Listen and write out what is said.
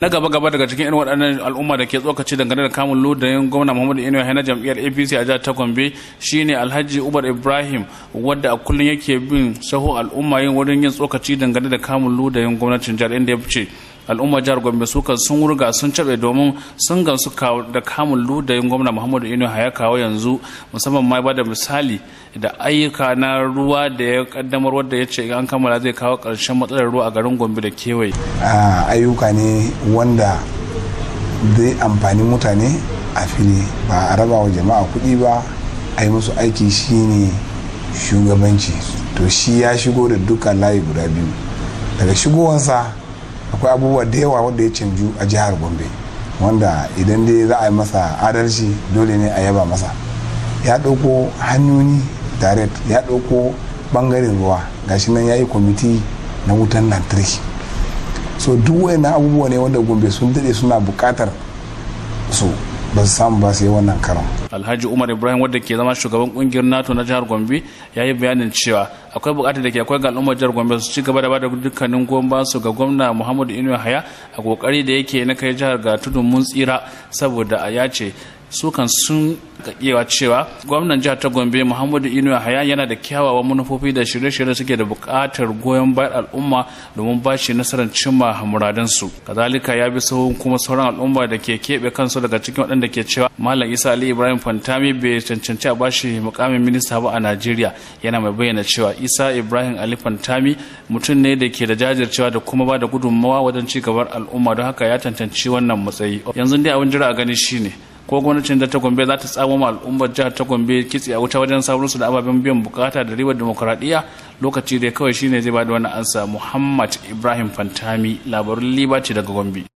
na gaba gaba daga cikin irin waɗannan al'umma da ke tsokaci dangane da kamun lodayin gwamna muhammadu inuwa na jam'iyyar apc a jihar ta gombe shine alhaji ubar ibrahim wadda a kullum yake bin saho al'umma yin wurin yin tsokaci dangane da kamun lodayin gwamnatin jihar inda ya fice al'ummar jihar gombe suka sun wurga sun cabe domin sun gamsu da kamun ludayin gwamna muhammadu inu ya kawo yanzu musamman ma ba da misali da ayyuka na ruwa da ya kaddamar wadda ya ce an kammala zai kawo ƙarshen matsalar ruwa a garin gombe da kewaye ayyuka ne wanda zai amfani mutane a fili ba a raba wa jama'a kuɗi ba a yi musu aiki shine shugabanci to shi ya shigo da dukkan layi guda biyu daga shigowansa akwai abubuwa da yawa wanda ya canju a jihar gombe wanda idan dai za a yi masa adalci dole ne a yaba masa ya ɗauko hanyoyi direct ya ɗauko ɓangaren ruwa ga shi nan ya yi kwamiti na wutan lantarki so duk wayannan abubuwa ne wanda gombe sun daɗe suna bukatar su ba su samu ba sai wannan karan. Alhaji Umar Ibrahim wadda ke zama shugaban kungiyar NATO na jihar Gombe ya yi bayanin cewa akwai bukatar da ke akwai ga al'ummar jihar Gombe su ci gaba da bada dukkanin goyon su ga gwamna Muhammadu Inuwa Haya a kokari da yake na kai jihar ga tudun mun tsira saboda a yace sukan sun kakewa cewa gwamnan jihar ta gombe muhammadu inu haya yana da kyawawan manufofi da shirye-shirye suke da bukatar goyon bayan al'umma domin ba shi nasarar cimma muradansu kazalika ya bi sahun kuma sauran al'umma da ke keɓe kansu daga cikin waɗanda ke cewa malam isa ali ibrahim fantami bai cancanci a bashi mukamin minista ba a najeriya yana mai bayyana cewa isa ibrahim ali fantami mutum ne da ke da jajircewa da kuma ba da gudunmawa wajen ci gaban al'umma don haka ya cancanci wannan matsayi yanzu dai abin jira a gani shine ko gwamnatin da ta gombe za ta tsamo ma al'ummar jihar ta gombe kitse a wuta wajen sabon su da ababen biyan bukata da ribar demokuraɗiyya lokaci da kawai shine zai bada wani ansa muhammad ibrahim fantami labarun ce daga gombe